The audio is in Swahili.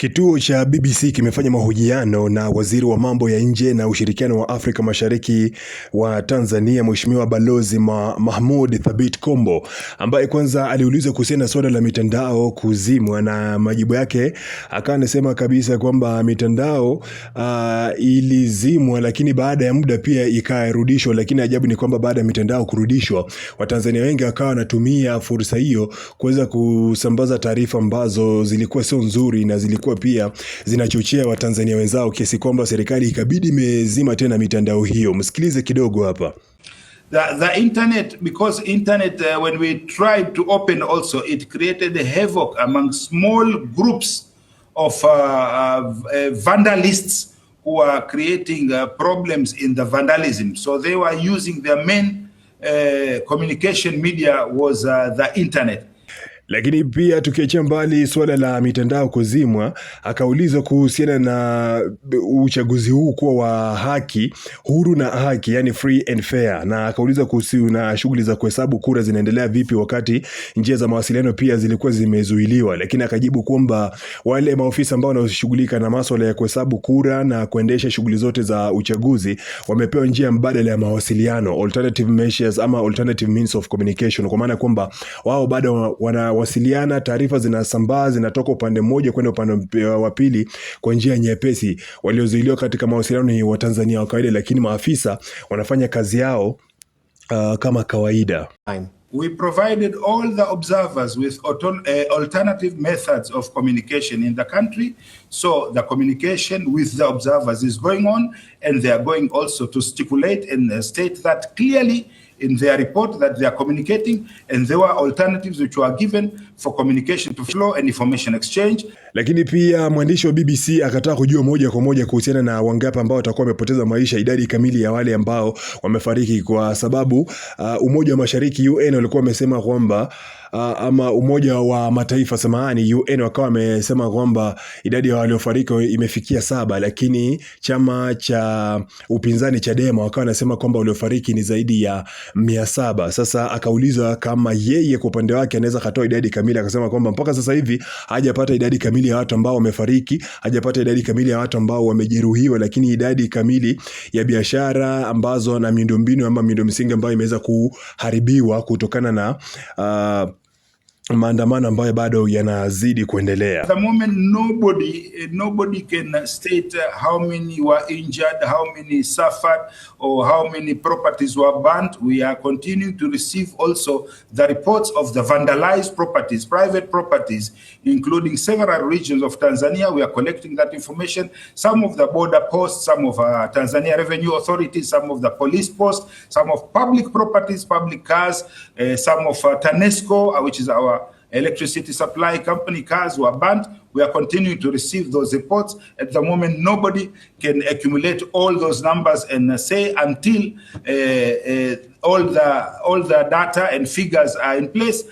Kituo cha BBC kimefanya mahojiano na waziri wa mambo ya nje na ushirikiano wa Afrika Mashariki wa Tanzania, Mheshimiwa Balozi ma Mahmoud Thabit Kombo, ambaye kwanza aliulizwa kuhusiana na suala la mitandao kuzimwa, na majibu yake akawa anasema kabisa kwamba mitandao uh, ilizimwa, lakini baada ya muda pia ikarudishwa. Lakini ajabu ni kwamba baada ya mitandao kurudishwa, Watanzania wengi wakawa wanatumia fursa hiyo kuweza kusambaza taarifa ambazo zilikuwa sio nzuri na zilikuwa zilikuwa pia zinachochea Watanzania wenzao kiasi kwamba serikali ikabidi imezima tena mitandao hiyo. Msikilize kidogo hapa. The, the internet because internet uh, when we tried to open also it created a havoc among small groups of uh, uh, uh vandalists who are creating uh, problems in the vandalism so they were using their main uh, communication media was uh, the internet lakini pia tukiachia mbali suala la mitandao kuzimwa, akaulizwa kuhusiana na uchaguzi huu kuwa wa haki, huru na haki, yani free and fair, na akaulizwa kuhusu na shughuli za kuhesabu kura zinaendelea vipi wakati njia za mawasiliano pia zilikuwa zimezuiliwa, lakini akajibu kwamba wale maofisa ambao wanaoshughulika na masuala ya kuhesabu kura na kuendesha shughuli zote za uchaguzi wamepewa njia mbadala ya mawasiliano, alternative measures ama alternative means of communication, kwa maana kwamba wao bado wana wanawasiliana, taarifa zinasambaa, zinatoka upande mmoja kwenda upande wa pili kwa njia nyepesi. Waliozuiliwa katika mawasiliano ni Watanzania wa kawaida, lakini maafisa wanafanya kazi yao uh, kama kawaida. We provided all the observers with eh, alternative methods of communication in the country. So the communication with the observers is going on and they are going also to stipulate and state that clearly in their report that they are communicating and there were alternatives which were given for communication to flow and information exchange. Lakini pia mwandishi wa BBC akataka kujua moja kwa moja kuhusiana na wangapi ambao watakuwa wamepoteza maisha, idadi kamili ya wale ambao wamefariki, kwa sababu uh, Umoja wa Mashariki UN walikuwa wamesema kwamba Ah, ama Umoja wa Mataifa samahani, UN wakawa wamesema kwamba idadi ya waliofariki imefikia saba, lakini chama cha upinzani Chadema wakawa wanasema kwamba waliofariki ni zaidi ya mia saba. Sasa akaulizwa kama yeye kwa upande wake anaweza katoa idadi kamili, akasema kwamba mpaka sasa hivi hajapata idadi kamili ya watu ambao wamefariki, hajapata idadi kamili ya watu ambao wamejeruhiwa, lakini idadi kamili ya biashara ambazo na miundombinu ama miundo msingi ambayo imeweza kuharibiwa kutokana na uh, maandamano ambayo bado yanazidi kuendelea. the moment nobody nobody can state how many were injured, how many suffered or how many properties were burnt. We are continuing to receive also the reports of the vandalized properties, private properties, including several regions of Tanzania. We are collecting that information. Some of the border posts, some of uh, Tanzania Revenue Authorities, some of the police posts, some of public properties, public cars, uh, some of uh, TANESCO, uh, which is our Electricity supply company cars were burnt. We are continuing to receive those reports. At the moment, nobody can accumulate all those numbers and uh, say until uh, uh, all the all the data and figures are in place.